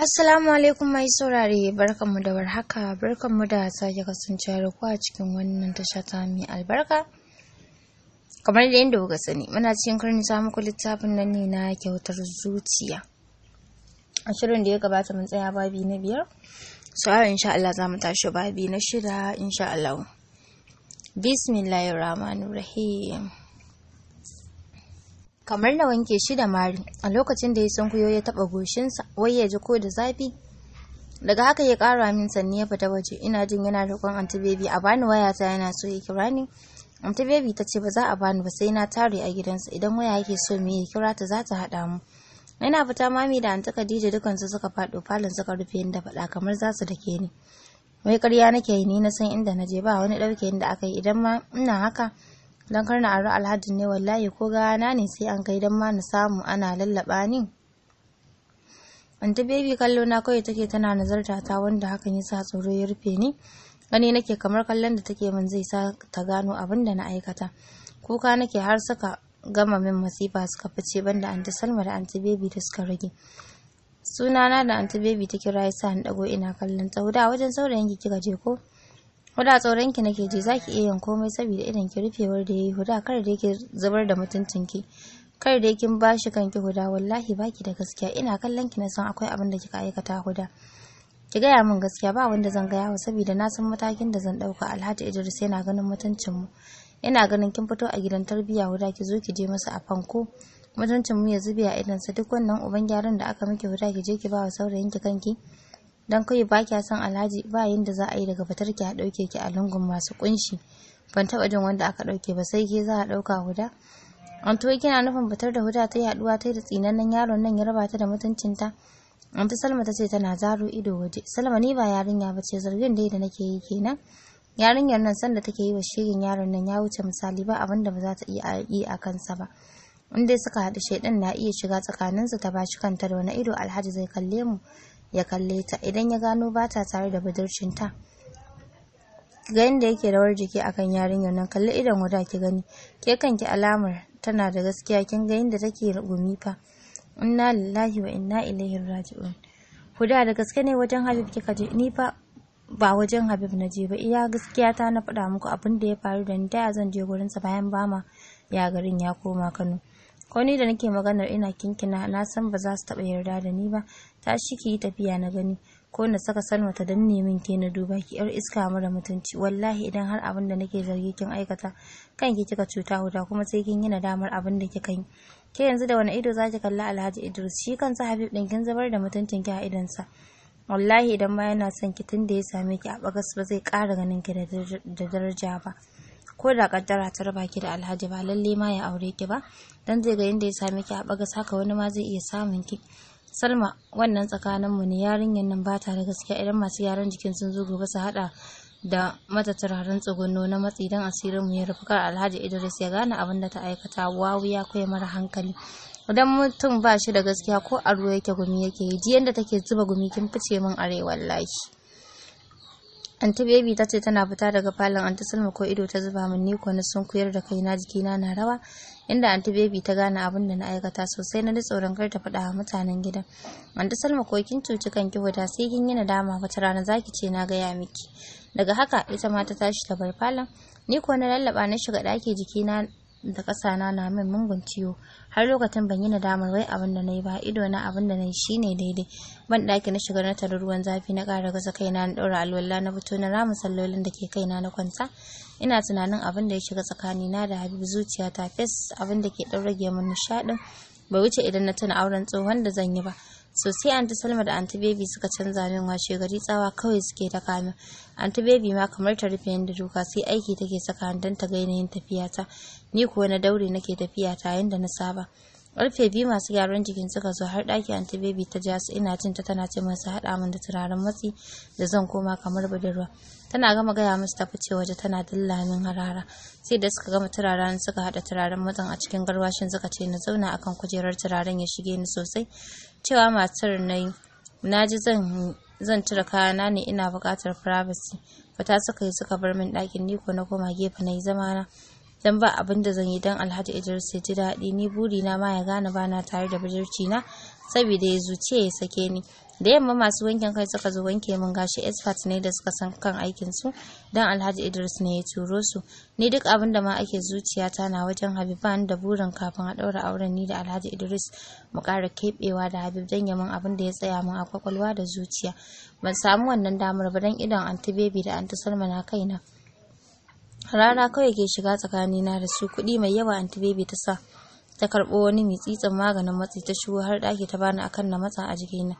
Assalamu alaikum mai saurare barkanmu da warhaka barkanmu da sake kasancewa da ku a cikin wannan tasha ta mai albarka. Kamar da yadda kuka sani muna cikin ta muku littafin nan ne na kyautar zuciya. A shirin da ya gabata mun tsaya babi na biyar. So a insha Allah za mu tashi babi na shida insha Allah. Bismillahirrahmanirrahim. kamar na wanke shi da mari a lokacin da ya san kuyo ya taba goshinsa wai ya ji ko da zafi daga haka ya kara min sanni ya fita waje ina jin yana roƙon anti baby a bani wayata yana so ya kira ni anti baby ta ce ba za a bani ba sai na tare a gidansa idan waya yake so me ya kira ta za ta haɗa mu ina fita mami da anta Khadija su suka faɗo falon suka rufe ni da faɗa kamar za su dake ni wai ƙarya nake yi ni na san inda na je ba wani ɗauke inda aka yi idan ma ina haka don kar na ari alhajin ne wallahi ko gana ne sai an kai don ma na samu ana lallaba ni anta baby kallo na kawai take tana nazarta ta wanda hakan yasa tsoro ya rufe ni gani nake kamar kallon da take min zai sa ta gano abin da na aikata kuka nake har suka gama min masifa suka fice banda anti salma da anti baby da suka rage sunana da anti baby ta kira sa ni dago ina kallon Da wajen saurayin ki kika je ko Kuda tsoron ki nake ji zaki iya yin komai saboda irin ki rufewar da yayi huda kar da yake zubar da mutuncin ki. Kar da kin bashi kanki huda wallahi baki da gaskiya ina kallon ki na san akwai abin da kika aikata huda. Ki gaya min gaskiya ba wanda zan gaya wa saboda na san matakin da zan dauka Alhaji Idris yana ganin mutuncin mu. Ina ganin kin fito a gidan tarbiyya huda ki zo ki je masa a fanko. Mutuncin mu ya zube a idansa duk wannan uban gyaran da aka miki huda ki je ki ba wa saurayin ki kanki. don kai ba kya son alhaji ba yadda za a yi daga fitar ki a ɗauke ki a lungun masu kunshi ban taɓa jin wanda aka ɗauke ba sai ke za a ɗauka huda an to kina nufin fitar da huda ta yaduwa ta da tsinannen yaron nan ya raba ta da mutuncinta ta Salma ta ce tana zaro ido waje. Salma ni ba yarinya ba ce zargin dai da nake yi kenan. Yarinyar nan sanda take yi wa shegin yaron nan ya wuce misali ba abin da ba za ta iya yi a kansa ba. In dai suka haɗu shaidan na iya shiga tsakaninsu ta bashi kanta da wani ido alhaji zai kalle mu. ya kalle ta idan ya gano ba ta tare da budurcinta ga yadda yake rawar jiki akan yarinyar nan kalli idan wada ki gani ke ki alamar tana da gaskiya kin ga yadda take gumi fa inna lillahi wa inna ilaihi raji'un huda da gaske ne wajen habib kika je ni fa ba wajen habib na je ba iya gaskiya ta na faɗa muku abin da ya faru da ni ta zan je gurinsa bayan bama ya garin ya koma kano ko ni da nake maganar ina kinkina na san ba za su taɓa yarda da ni ba tashi ki yi tafiya na gani ko na saka sanwa ta danne min ke na duba ki yar iska mara mutunci wallahi idan har abin da nake zargi kin aikata kan ki kika cuta huta kuma sai kin yi damar abin da kika yi ke yanzu da wani ido zaki kalla Alhaji Idris shi kansa Habib din kin zubar da mutuncin ki a idansa wallahi idan ma yana son ki tun da ya same ki a bagas ba zai ƙara ganin ki da daraja ba ko da kaddara ta raba ki da alhaji ba lalle ma ya aure ki ba dan zai ga inda ya same ki a baga saka wani ma zai iya samun ki salma wannan tsakanin mu ne yarinyar nan ba ta da gaskiya idan masu yaran jikin sun zo gobe su hada da mata turaren tsugunno na matsi dan asirin mu ya rufe alhaji idris ya gane abin da ta aikata wawu ya koyi mara hankali idan mutum ba shi da gaskiya ko a ruwa yake gumi yake ji yanda take zuba gumi kin fice min arewa wallahi Anti Baby ta ce tana fita daga falon Anti Salma ko ido ta zuba min ni na sunkuyar da kaina jikina na rawa inda Anti Baby ta gane abin da na aikata sosai na ji tsoron kar ta faɗa wa mutanen gidan. Anti Salma ko kin cuci kanki wata sai kin yi nadama wata rana zaki ce na gaya miki. Daga haka ita ma ta tashi ta bar falon ni ko na lallaba na shiga ɗaki jikina da ƙasana na min mungun ciwo har lokacin ban yi nadamar wai abin da na yi ba ido na abin da na yi shine daidai ban ɗaki na shiga na tarar ruwan zafi na ƙara gasa kaina na ɗaura alwala na fito na ramu sallolin da ke kaina na kwanta ina tunanin abin da ya shiga tsakani na da habibu zuciya ta fes abin da ke ɗan rage min nishaɗin bai wuce idan na tuna auren tsohon da zan yi ba sosai anti salma da anti baby suka canza min washe gari tsawa kawai suke ta kamin anti baby ma kamar ta rufe yadda doka sai aiki take saka don ta ga yanayin tafiyata ni kuwa na daure nake tafiya ta yadda na saba Karfe biyu masu gyaran jikin suka zo har ɗaki anti baby ta ja su ina jin ta tana ce masu haɗa min da turaren matsi da zan koma kamar budurwa. Tana gama gaya musu tafi ce waje tana dilla min harara. Sai da suka gama turaren suka haɗa turaren matsin a cikin garwashin suka ce na zauna akan kujerar turaren ya shige ni sosai. Cewa matar na na ji zan zan cire kayana ne ina buƙatar privacy. Fata suka yi suka bar min ɗakin ni ko na koma gefe na yi zamana. dan ba abin da zan yi dan Alhaji Idris ya ji daɗi ni buri na ma ya gane bana tare da budurci na saboda ya zuciya ya sake ni da yamma masu wankin kai suka zo wanke min gashi expert ne da suka san kan aikin su dan Alhaji Idris ne ya turo su ni duk abin da ma ake zuciyata na wajen Habiban da burin kafin a ɗaura auren ni da Alhaji Idris mu ƙara kebewa da Habib dan yamin abin da ya tsaya min a kwakwalwa da zuciya ban samu wannan damar ba dan idon anti baby da anti Salma na kaina rana kawai ke shiga tsakanina da su kuɗi mai yawa anti baby ta sa ta karɓo wani mai tsitsin maganin matsi ta shigo har ɗaki ta bani akan na matsa a jikina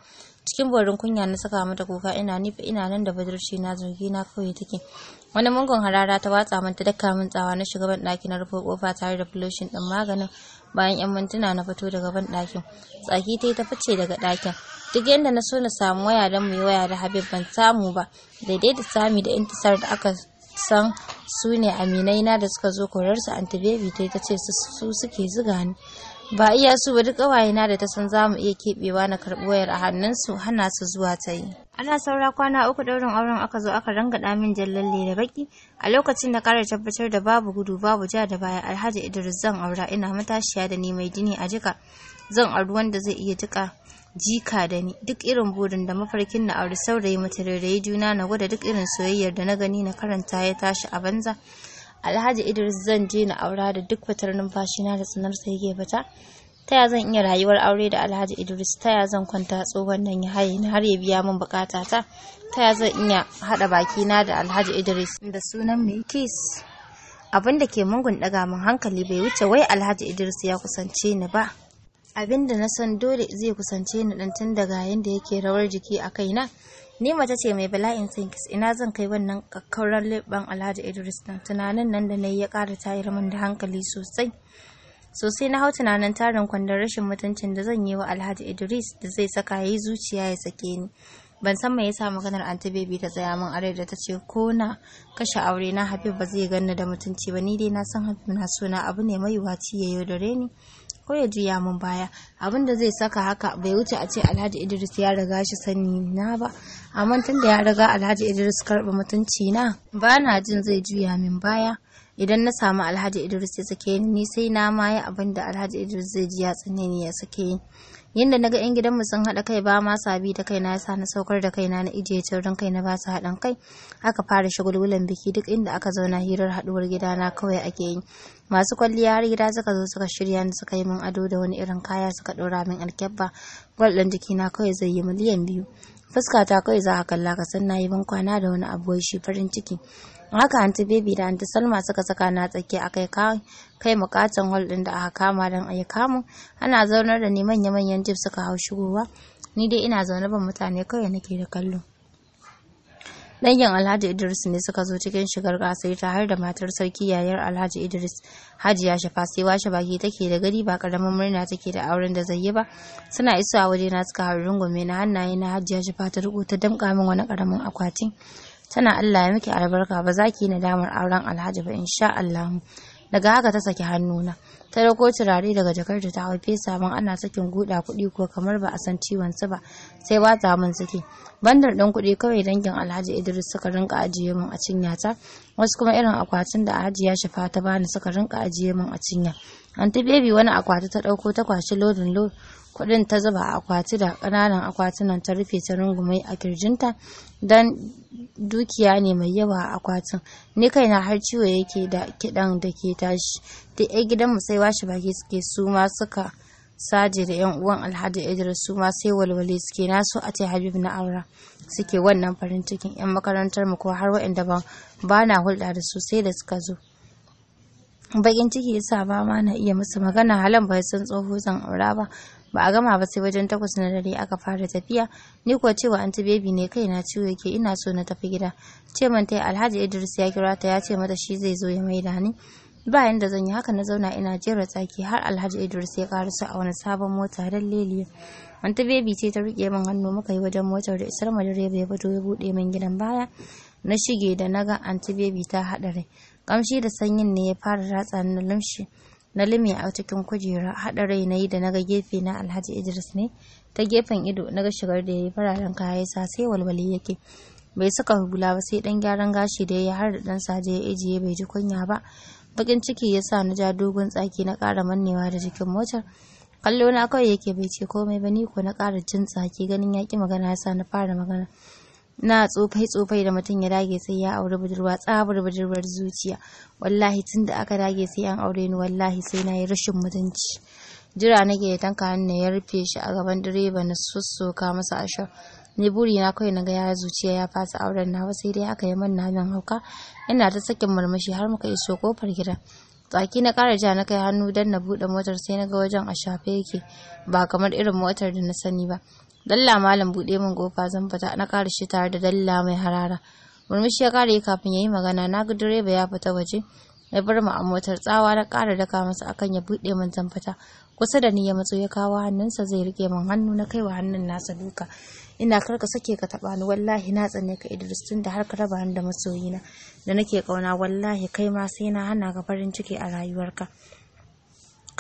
cikin borin kunya na saka mata kuka ina nufi ina nan da budurci na zargi na kawai take wani mungon harara ta watsa min ta daka min tsawa na shiga ban ɗaki na rufe kofa tare da filoshin ɗin maganin bayan yan mintuna na fito daga ban ɗakin tsaki ta yi ta fice daga ɗakin duk yadda na so na samu waya don mai waya da habib ban samu ba daidai da sami da intisar da aka san su ne aminai na da suka zo korar su anti baby ta ce su suke zuga ni ba iya su ba duk na da ta san zamu iya keɓewa na karɓo wayar a hannun su hana su zuwa ta yi. ana saura kwana uku daurin auren aka zo aka rangada min jallalle da baki a lokacin da karar tabbatar da babu gudu babu ja da baya alhaji idris zan aura ina matashiya da ni mai jini a jika zan auri wanda zai iya jika jika da ni duk irin burin da mafarkin na aure saurayi mata rairayi juna na gwada duk irin soyayyar da na gani na karanta ya tashi a banza alhaji idris zan je na aura da duk fatar na da tsanar sai gefata ta ya zan iya rayuwar aure da alhaji idris ta ya zan kwanta tsohon nan ya haye ni har ya biya min bukata ta ta ya zan iya haɗa na da alhaji idris da sunan mai kis abin da ke mungun daga min hankali bai wuce wai alhaji idris ya kusance ni ba abin da na san dole zai kusance ni dan tun daga yanda yake rawar jiki a kaina ni mace ce mai bala'in sinkis ina zan kai wannan kakkauran leban alhaji idris na tunanin nan da na yi ya ƙara tayar min da hankali sosai sosai na hau tunanin tarin kwandon rashin mutuncin da zan yi wa alhaji idris da zai saka ya yi zuciya ya sake ni ban san me yasa maganar anti baby ta tsaya min arai da ta ce ko na kashe aure na habib ba zai ganna da mutunci ba ni dai na san habib na suna abu ne mai waci ya yaudare ni ko ya juya min baya abin da zai saka haka bai wuce a ce alhaji idris ya riga shi sani na ba amma tun da ya riga alhaji idris karba mutunci na ba na jin zai juya min baya idan na samu alhaji idris ya sake ni sai na ma yi abin da alhaji idris zai ji ya tsane ya sake ni yadda na ga 'yan gidanmu sun haɗa kai ba ma sabi da kaina yasa na saukar da kaina na ijiye taurin kai na ba su haɗin kai aka fara shagulgulan biki duk inda aka zauna hirar haɗuwar gida na kawai ake yi masu kwalliya har gida suka zo suka shirya ni suka yi min ado da wani irin kaya suka ɗora min alkyabba gwal ɗin na kawai zai yi miliyan biyu fuskata kawai za a kalla ka san na yi bankwana da wani abu shi farin ciki haka anti baby da anti salma suka saka na tsaki a kai kai mukatan hall din da aka kama dan a kamu ana zaunar da ni manya-manyan jib suka hau shigowa ni dai ina zaune ban mutane kawai nake da kallo dangin alhaji idris ne suka zo cikin shigar ta har da matar sarki yayar alhaji idris hajiya shafa sai washe baki take da gari ba karamin murna take da auren da zai yi ba suna isa waje na suka hau rungume na hannaye na hajiya shafa ta riko ta min wani karamin akwatin. tana Allah ya miki albarka ba za ki yi nadamar auren Alhaji ba insha Allah daga haka ta saki hannuna ta dauko turare daga jakarta ta hau fesa, sabon ana sakin guda kuɗi ko kamar ba a san ciwon su ba sai ba ta min suke bandar ɗin kuɗi kawai dangin alhaji idris suka rinka ajiye min a cinya ta wasu kuma irin akwatin da alhaji ya shafa ta bani suka rinka ajiye min a cinya anti baby wani akwati ta ɗauko ta kwashi lodin kuɗin ta zuba a akwati da ƙananan akwatunan ta rufe ta rungumai a kirjinta don dukiya ne mai yawa a akwatin ni kaina har ciwo yake da kiɗan da ke tashi duk 'yan gidanmu sai washe baki suke su ma suka saje da yan uwan alhaji idris su ma sai walwale suke nasu a ce habib na aura suke wannan farin cikin yan makarantar mu ko har waɗanda ba ba na hulɗa da su sai da suka zo bakin ciki yasa ba ma na iya musu magana halan bai san tsoho zan aura ba ba a gama ba sai wajen takwas na dare aka fara tafiya ni kuwa cewa anti baby ne kai na ciwo yake ina so na tafi gida ce man tai alhaji idris ya kira ta ya ce mata shi zai zo ya maida ni bayan da zan yi haka na zauna ina jera tsaki har alhaji idris ya su a wani sabon mota don leliya ta bebi ce ta riƙe min hannu muka yi wajen motar da isar ma direba ya fito ya buɗe min gidan baya na shige da naga anti bebi ta haɗa rai kamshi da sanyin ne ya fara ratsa na lamshi na lumi a cikin kujera haɗa rai na yi da naga gefe na alhaji idris ne ta gefen ido naga shigar da ya yi fararen kaya sa sai walwali yake bai saka hula ba sai dan gyaran gashi da ya har da dan saje ya ajiye bai ji kunya ba bakin ciki ya sa na ja dogon tsaki na ƙara mannewa da jikin motar kallo na kawai yake bai ce komai ba ni ko na ƙara jin tsaki ganin ya magana ya sa na fara magana na tsofai tsofai da mutum ya dage sai ya aure budurwa tsabar budurwar zuciya wallahi tun da aka dage sai an aure ni wallahi sai na yi rashin mutunci jira nake ya tanka hannu ya rufe shi a gaban direba na sussuka masa ashar ni buri na kawai na ga ya zuciya ya fasa auren na nawa sai dai aka yi manna min hauka ina ta sakin murmushi har muka iso kofar gidan tsaki na kara ja na kai hannu don na buɗe motar sai na ga wajen a shafe yake ba kamar irin motar da na sani ba dalla malam buɗe min gofa zan fita na ƙara shi tare da dalla mai harara murmushi ya ƙara yi kafin ya yi magana na ga direba ya fita waje ya bar mu a motar tsawa na ƙara daka masa akan ya buɗe min zan fita kusa da ni ya matso ya kawo hannunsa zai rike min hannu na kaiwa hannun nasa duka ina karka sake ka taɓa ni wallahi na tsane ka Idris tun da har ka raba ni da masoyina da nake ƙauna wallahi kai ma sai na hana ka farin ciki a rayuwarka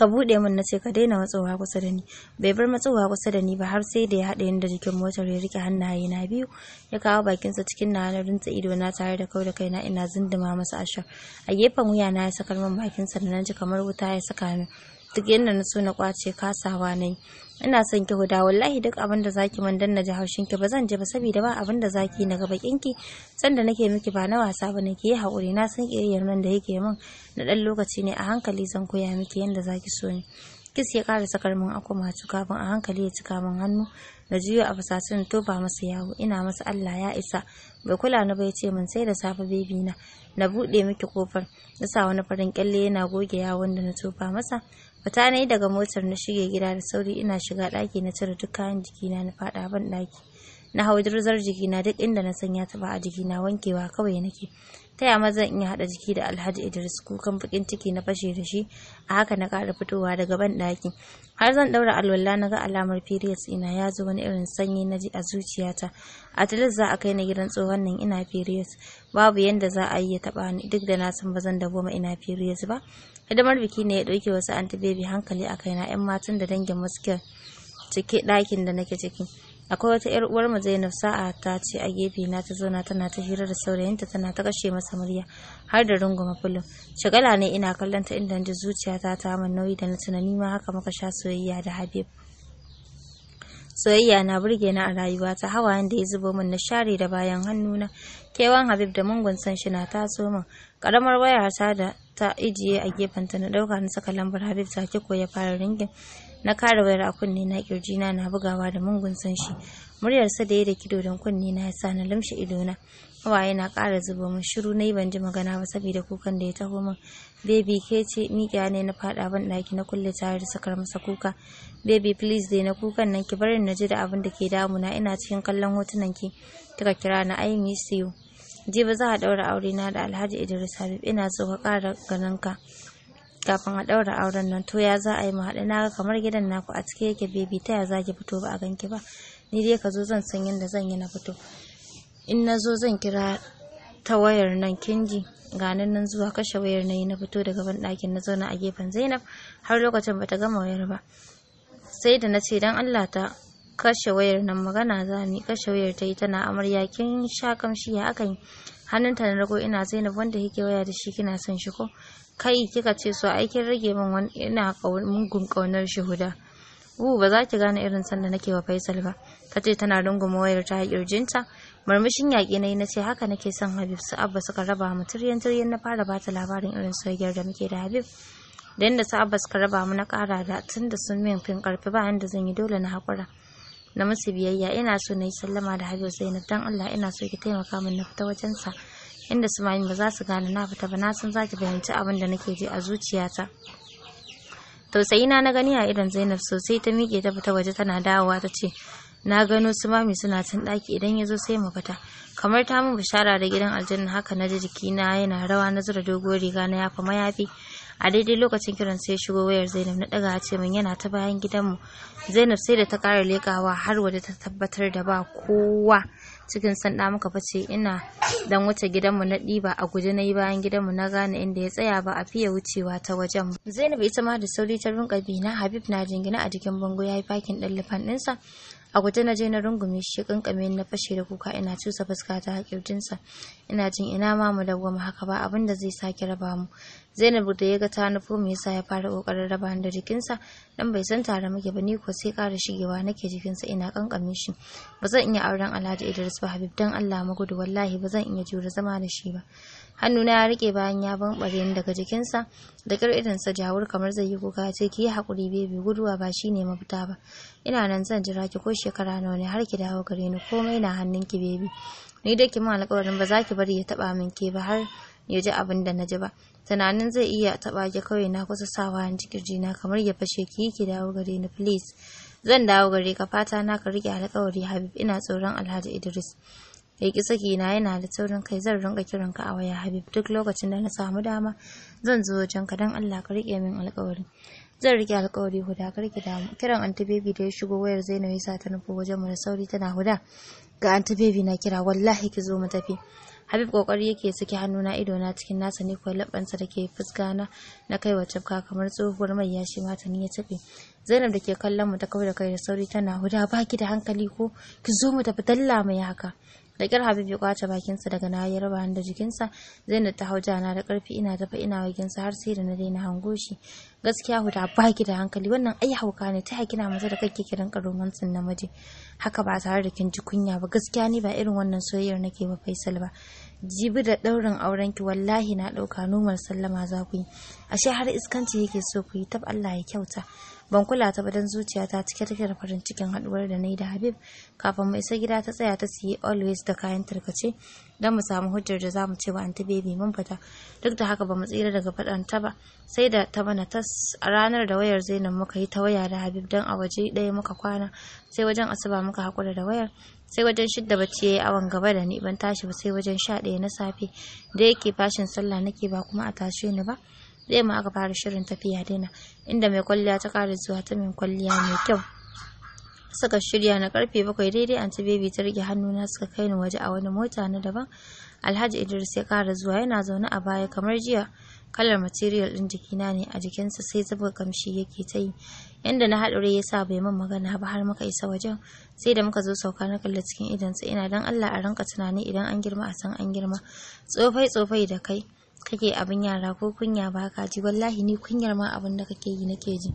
ka buɗe min na ce ka daina matsowa kusa da ni bai bar matsowa kusa da ni ba har sai da ya haɗa da jikin motar ya rike hannaye na biyu ya kawo bakinsa cikin na na rinta ido na tare da kau da kaina ina zinduma masa ashar a gefen wuya na ya sakar min bakinsa da na ji kamar wuta ya saka min duk yadda na so na kwace kasawa na yi ina son ki huda wallahi duk abin da zaki man danna ji haushin ki ba zan je ba saboda ba abin da zaki na gaba kinki san da nake miki ba na wasa ba nake yi haƙuri na san ƙiriyar nan da yake min na dan lokaci ne a hankali zan koya miki yanda zaki so ni kis ya ƙara sakar min ci kafin a hankali ya cika min hannu na jiyo a to tofa masa yawo ina masa Allah ya isa bai kula ni ba ya ce min sai da safe bebi na na buɗe miki kofar na sa wani farin kyalle yana goge yawon da na tofa masa fita na yi daga motar na shige gida da sauri ina shiga ɗaki na cire duk kayan jikina na faɗa ban ɗaki. Na hau durzar na duk inda na san ya taɓa a jikina wankewa kawai nake. Ta yama zan iya haɗa jiki da Alhaji Idris kukan bakin ciki na fashe da shi a haka na ƙara fitowa daga ban ɗaki. Har zan ɗaura alwala na ga alamar periods ina ya zo wani irin sanyi na ji a zuciyata. A least za a kai ni gidan tsohon nan ina periods. Babu yanda za a yi ya taɓa ni duk da na san ba zan ma ina periods ba. hidimar biki ne ya ɗauke wasu anti baby hankali a kaina 'yan matan da dangin masu cike ɗakin da nake ciki akwai wata yar uwar mu Zainab sa'a ta ce a gefe na ta zauna tana ta hira da saurayinta tana ta kashe masa murya har da runguma fulun shagala ne ina kallon ta inda ji zuciyata ta min nauyi da na tunani ma haka muka sha soyayya da Habib soyayya na burge na a ta hawayen da ya zubo min na share da bayan hannuna kewan habib da mungun san shi na taso min karamar wayar sada ta ijiye a gefenta na dauka na saka lambar habib sake ko ya fara ringin na kare wayar a kunne na kirji na na bugawa da mungun san shi muryarsa da ya da kido don kunne na ya sa na lamshe na waye na ƙara zuba mun shiru na yi ban ji magana ba saboda kukan da ya taho min Baby ke ce ne na faɗa ban daki na kulle tare da sakar masa kuka baby please dai na kukan nan ki bari na ji da abin da ke na. ina cikin kallon hotunan ki kika kira na i miss you jibi za a daura aure na da alhaji idris habib ina so ka kara ganin ka kafin a daura auren nan to ya za a yi haɗu na kamar gidan naku a cike yake baby ta ya za fito ba a ganki ba ni dai ka zo zan san yadda zan yi na fito in na zo zan kira ta wayar nan kinji ganin nan zuwa kashe wayar na yi na fito daga ban ɗakin na zauna a gefen zainab har lokacin bata gama wayar ba sai da na ce don Allah ta kashe wayar nan magana za mu kashe wayar ta yi tana amarya kin sha kamshi ya akan hannunta na rago ina Zainab wanda yake waya da shi kina son shi ko kai kika ce so aikin rage min wani ina mugun kaunar shuhuda uh ba za ki gane irin sanda nake wa Faisal ba ta ce tana runguma wayar ta kirjinta murmushin yaƙi na yi na ce haka nake son Habib su abba suka raba mu tiryan tiryan na fara bata labarin irin soyayyar da muke da Habib da yadda su abbas ka raba mu na kara da tun da sun min fin karfi ba yadda zan yi dole na haƙura na musu biyayya ina so na yi sallama da habib zainab dan allah ina so ki taimaka min na fita wajensa inda su mami ba za su gane na fita ba na san za ki fahimci abin da nake ji a zuciyata tausayi na na gani a idan zainab sosai ta miƙe ta fita waje tana dawowa ta ce na gano su mami suna cin ɗaki idan ya zo sai mu fita kamar ta min bishara da gidan aljanna haka na ji jiki na yana rawa na zura doguwar riga na yafa mayafi a daidai lokacin kiran sai shigo wayar zainab na daga ce min yana ta bayan gidanmu zainab sai da ta kara lekawa har wadda ta tabbatar da ba kowa cikin sanda muka fice ina dan wuce gidanmu na ɗiba a guje na yi bayan gidanmu na gane inda ya tsaya ba a fiye wucewa ta wajen zainab ita ma da sauri ta rinka bi na habib na jingina a jikin bango ya yi fakin ɗan lifan ɗinsa a guje na je na rungume shi kankame na fashe da kuka ina cusa fuska ta hakirjinsa ina jin ina ma mu dawwama haka ba abin da zai sake raba mu Zainab da ya ga ta nufo me yasa ya fara kokarin raba ni da jikinsa dan bai san tare muke ba ni ko sai ƙara shigewa nake jikinsa ina kankame shi ba zan iya auren Alhaji Idris ba Habib dan Allah mu gudu wallahi ba zan iya jure zama da shi ba hannuna ya rike bayan ya banbare ni daga jikinsa da kar sa jawur kamar zai yi kuka ce ki yi hakuri baby guduwa ba shine mafita ba ina nan zan jira ki ko shekara nawa ne har ki dawo gare ni komai na hannunki baby ni da ki mun alƙawarin ba za ki bari ya taba min ke ba har ya ji abin da na ji ba tunanin zai iya taba ki kawai na kusa sawa in ji na kamar ya fashe ki ki dawo gare ni please zan dawo gare ka fata na ka rike alƙawari habib ina tsoron alhaji idris ya ki saki na yana da taurin kai zan rinka kiran ka a waya habib duk lokacin da na samu dama zan zo wajen ka dan allah ka rike min alkawari zan rike alkawari huda kar ki damu kiran anti baby da ya shigo wayar zainabi sa ta nufo wajen mu da sauri tana huda ga anti baby na kira wallahi ki zo mu tafi Habib kokari yake saki hannuna ido na cikin nasa ne kuwa labbansa da ke fuska na kai wa tafka kamar tsohuwar mai yashi mata ni ya tafi Zainab da ke kallon mu ta kawai da kai da sauri tana huda baki da hankali ko ki zo mu tafi talla mai haka. da kyar habib ya kwace bakinsa daga na ya raba da jikinsa zainab ta hau jana da karfi ina tafa ina wagensa har sai da na daina hango shi gaskiya huda ba ki da hankali wannan ai hauka ne ta hakina maza da kake kiran karomansin namiji haka ba tare da kin ji kunya ba gaskiya ni ba irin wannan soyayyar nake ba faisal ba jibi da daurin auren ki wallahi na dauka nomar sallama za ku yi ashe har iskanci yake so ku yi tab Allah ya kyauta ban kula ta ba don zuciyata cike take da farin cikin haduwar da na da habib kafin mu isa gida ta tsaya ta siyi always da kayan tarkace don mu samu hujjar da zamu mu ce wa anti baby mun fita duk da haka ba mu tsira daga ta ba sai da ta bana ta ranar da wayar zainab muka yi ta waya da habib don a waje ɗaya muka kwana sai wajen asuba muka hakura da wayar sai wajen shidda bacci ya yi awon gaba da ni ban tashi ba sai wajen sha ɗaya na safe da yake fashin sallah nake ba kuma a tashe ni ba zai ma aka fara shirin tafiya daina inda mai kwalliya ta kara zuwa ta min kwalliya mai kyau suka shirya na karfe bakwai daidai anti baby ta rike na suka kai ni waje a wani mota na daban alhaji idris ya kara zuwa yana zaune a baya kamar jiya kalar material din jikina ne a jikinsa sai zuba kamshi yake ta yi Yadda na haɗure ya sa bai man magana ba har muka isa wajen sai da muka zo sauka na kalli cikin idansa ina dan allah a ranka tunani idan an girma a san an girma tsofai tsofai da kai kake abin yara ko kunya ba ka ji wallahi ni kunyar ma abun da kake yi nake ji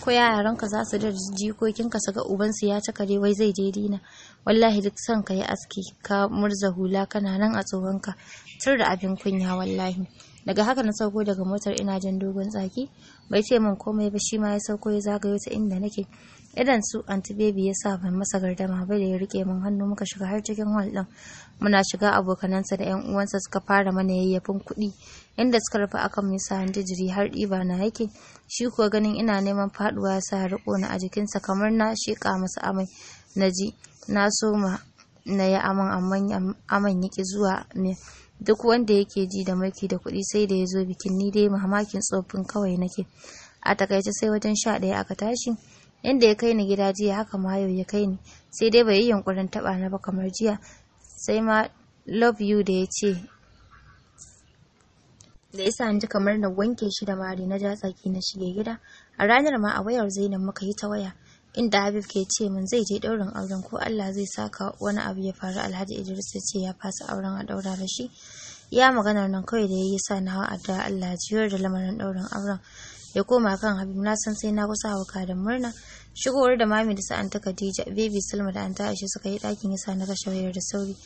ko yaran ka za su da jikokin ka saka ubansu ya ta kare wai zai je dina wallahi duk son ka yi aski ka murza hula kana nan a tsohon ka tur da abin kunya wallahi daga haka na sauko daga motar ina jin dogon tsaki bai ce min komai ba shi ma ya sauko ya zagayo ta inda nake idan su anti baby ya sa ban masa gardama ba da ya rike min hannu muka shiga har cikin hall din muna shiga abokanansa da yan uwansa suka fara mana yayyafin kuɗi inda suka rufe akan mu sa jiri har ɗiba na yake shi ko ganin ina neman faduwa ya sa riko na a jikinsa kamar na sheƙa masa amai na ji na so ma na yi aman aman yake zuwa ne duk wanda yake ji da mulki da kuɗi sai da ya zo bikin ni dai mamakin tsoffin kawai nake a takaice sai wajen sha ɗaya aka tashi yanda ya kai ni gida jiya haka ma yau ya kai ni sai dai bai yi yunkurin taba na ba kamar jiya sai ma love you da ya ce da yasa ji kamar na wanke shi da mari na ja na shige gida a ranar ma a wayar Zainab muka yi ta waya inda Habib ke ce min zai je daurin auren ko Allah zai saka wani abu ya faru Alhaji Idris ya ce ya fasa auren a daura da shi Ya maganar nan kawai da yayi sa na hawa addu'a Allah ya jiyar da lamarin ɗaurin auren. Ya koma kan Habib na san sai na kusa hauka da murna. Shigowar da mami da sa'anta Khadija, baby Salma da anta Aisha suka yi ɗakin yasa na kashe wayar da sauri.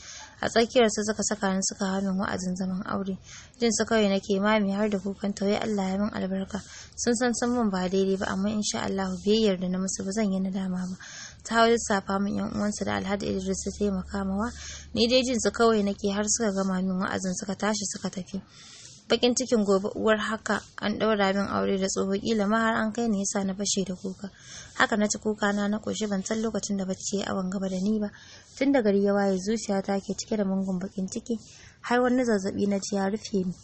a tsakiyar su suka saka ni suka hamin wa'azin zaman aure jin su kawai nake mami har da kukan tauye Allah ya min albarka sun san san mun ba daidai ba amma insha Allah biyayyar da na musu ba zan yi nadama ba ta lissafa min yan uwansa da alhaji idris ta taimaka mawa ni dai jinsu kawai nake har suka gama min wa'azin suka tashi suka tafi bakin cikin gobe uwar haka an ɗaura min aure da tsoho kila ma har an kai ni yasa na fashe da kuka haka na ci kuka na na koshi ban san lokacin da bacci ya awan gaba da ni ba tun da gari ya waye ta ke cike da mungun bakin ciki har wani zazzabi na ji ya rufe ni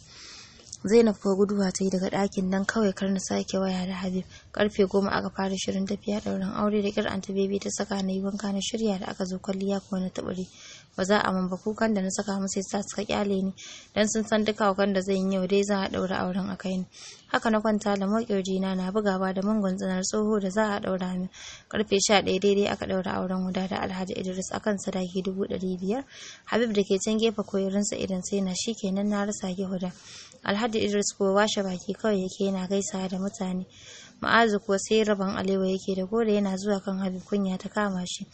Zainab ko guduwa ta yi daga ɗakin nan kawai kar na sake waya da Habib. Karfe goma aka fara shirin tafiya ɗaurin aure da ƙyar ta bebe ta saka na yi wanka na shirya da aka zo kwalliya ko na taɓare. Ba za a man ba kukan da na saka musu sa suka kyale ni don sun san duka wakan da zan yi yau dai za a ɗaura auren a kai ni. Haka na kwanta da jina na buga bugawa da mangon tsanar tsoho da za a ɗaura min. Karfe sha ɗaya daidai aka ɗaura auren wuda da Alhaji Idris kan sadaki dubu ɗari biyar. Habib da ke can gefe koyarinsa idan sai na shi kenan na rasa ki huda. alhaji idris ko washe baki kawai yake yana gaisawa da mutane ma'azu kuwa sai rabon alewa yake da gore yana zuwa kan habib kunya ta kama shi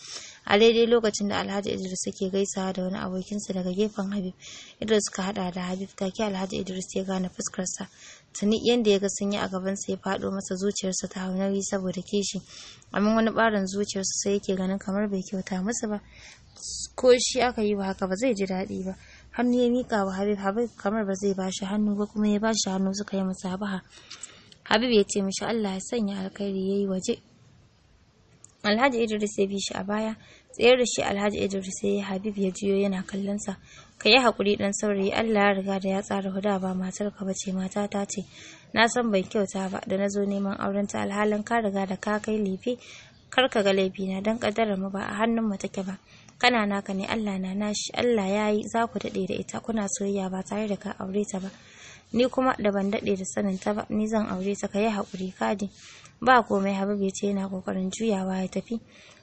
a daidai lokacin da alhaji idris yake gaisawa da wani abokinsa daga gefen habib idris suka hada da habib take alhaji idris ya gane fuskarsa tuni yadda ya ga sun yi a gabansa ya faɗo masa zuciyarsa ta hau nauyi saboda kishi amma wani barin zuciyarsa sai yake ganin kamar bai kyauta masa ba ko shi aka yi wa haka ba zai ji daɗi ba hannu ya mika wa habib habib kamar ba zai bashi hannu ba kuma ya bashi hannu suka yi musabaha habib ya ce mishi allah ya sanya alkhairi yayi waje alhaji idris ya bi shi a baya tsayar da shi alhaji idris ya habib ya jiyo yana kallon sa ka yi hakuri dan saurayi allah ya riga da ya tsara huda ba matar ka bace mata ta ce na san bai kyauta ba da na zo neman auren ta alhalin ka riga da ka kai lefe kar ka ga laifi na dan kaddarar mu ba a hannun mu take ba kana naka ne Allah na nashi Allah ya yi za ku daɗe da ita kuna soyayya ba tare da ka aure ta ba ni kuma da ban daɗe da sanin ta ba ni zan aure ta ka yi haƙuri kadi ba komai habibi ce yana kokarin juyawa ya tafi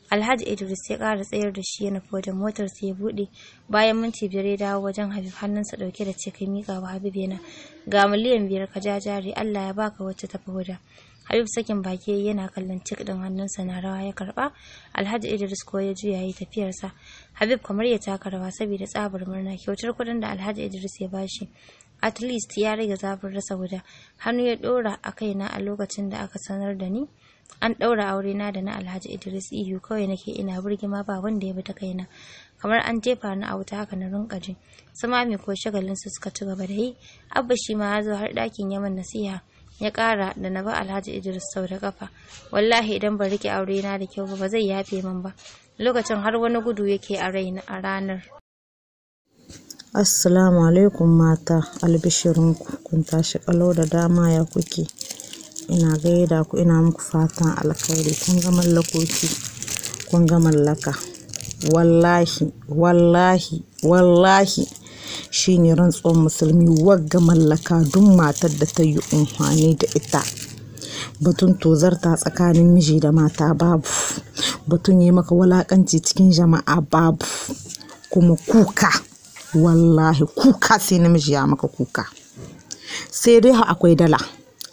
alhaji idris ya ƙara tsayar da shi yana nufi motar sai ya buɗe bayan minti biyar ya dawo wajen habib hannunsa ɗauke da ce kai miƙa wa habib yana ga miliyan biyar ka jajare allah ya baka wacce tafi huda habib sakin baki yana kallon tik din hannunsa na rawa ya karba alhaji idris ko ya juya yayi tafiyarsa habib kamar ya taka rawa saboda tsabar murna kyautar kudin da alhaji idris ya bashi at least ya rage zafin rasa guda hannu ya dora a kaina a lokacin da aka sanar da ni an ɗaura aure na da na alhaji idris ihu kawai nake ina burgima ba wanda ya bi ta kaina kamar an jefa ni a wuta haka na rinka ji sama mai ko shagalin su suka ci gaba da yi abba shi ma ya zo har ɗakin yaman nasiha ya ƙara da na ba alhaji idris sau da kafa wallahi idan ban rike aure na da kyau ba zai yafe min ba lokacin har wani gudu yake a a ranar assalamu alaikum mata albishirinku kun tashi kalau da dama ya kuke ina gaida ku ina muku fatan alkhairi kun ga mallakoki kun ga mallaka wallahi wallahi wallahi shine rantsuwar musulmi wagga mallaka duk matar da ta yi amfani da ita batun tozarta tsakanin miji da mata babu batun yi maka walakanci cikin jama'a babu kuma kuka wallahi kuka sai namiji ya maka kuka sai dai akwai dala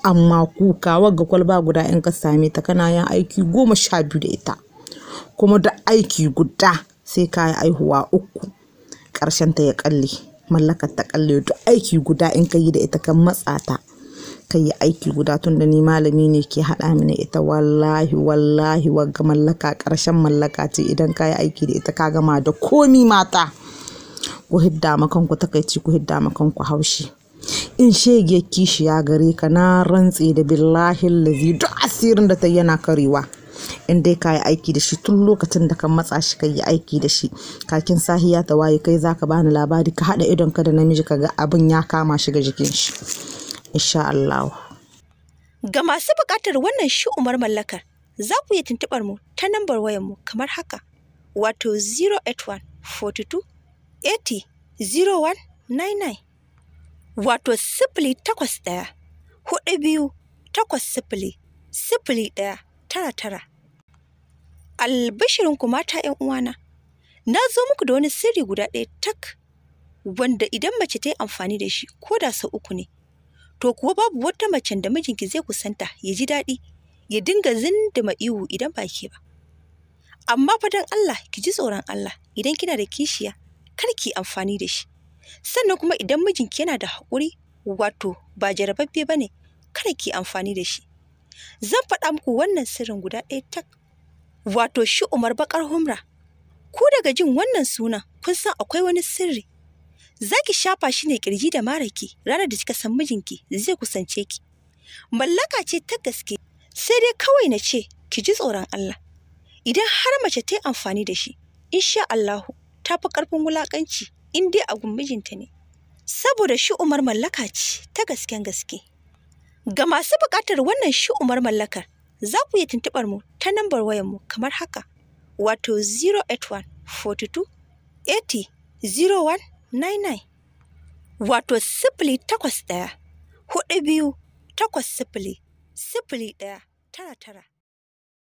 amma kuka wagga kwalba guda in ka same ta kana yin aiki goma sha biyu da ita kuma da aiki guda sai ka yi aihuwa uku ƙarshen ta ya ƙalle mallaka ta kalle duk aiki guda in ka da ita kan matsata ta ka yi aiki guda tun da ni malami ne ke haɗa mini ita wallahi wallahi wagga mallaka ƙarshen mallaka ce idan ka aiki da ita ka gama da komi mata ku hidda makanku takaici ku hidda makanku haushi in shege kishiya gare ka na rantse da billahi lazi duk asirin da ta yana karewa in dai ka yi aiki da shi tun lokacin da ka matsa shi ka yi aiki da shi kakin sahiya ta waye kai zaka bani labari ka haɗa idon ka da namiji ka ga abin ya kama shi ga jikin shi insha Allah ga masu buƙatar wannan shi umar mallakar za ku iya tuntuɓar mu ta nambar wayar mu kamar haka wato 081 42 80 0199 wato sifili takwas ɗaya hudu biyu takwas sifili sifili ɗaya tara tara albashirin ku mata ‘yan uwana, na zo muku da wani sirri guda ɗaya tak, wanda idan mace ta yi amfani da shi ko da sau uku ne, to kuwa babu wata macen da mijinki zai kusanta ya ji daɗi ya dinga zindima ihu idan ba ke ba. Amma fadan Allah ki ji tsoron Allah idan kina da kishiya kar ki amfani da shi. Sannan kuma idan mijinki yana da haƙuri wato ba jarababbe ba ne kar ki amfani da shi. Zan faɗa muku wannan sirrin guda ɗaya tak wato shi Umar Bakar Humra. Ku daga jin wannan sunan kun san akwai wani sirri. Za ki shafa shi ne kirji da maraki ranar da kika san mijinki zai kusance ki. Mallaka ce ta gaske sai dai kawai na ce ki ji tsoron Allah. Idan har mace ta yi amfani da shi, insha Allahu ta fi ƙarfin wulaƙanci in dai a mijinta ne. Saboda shi Umar mallaka ce ta gasken gaske. Ga masu buƙatar wannan shi Umar mallakar, za ku iya tuntuɓar mu ta nambar mu kamar haka wato 081 42 80 wato sifili takwas ɗaya huɗu biyu takwas sifili sifili ɗaya tara tara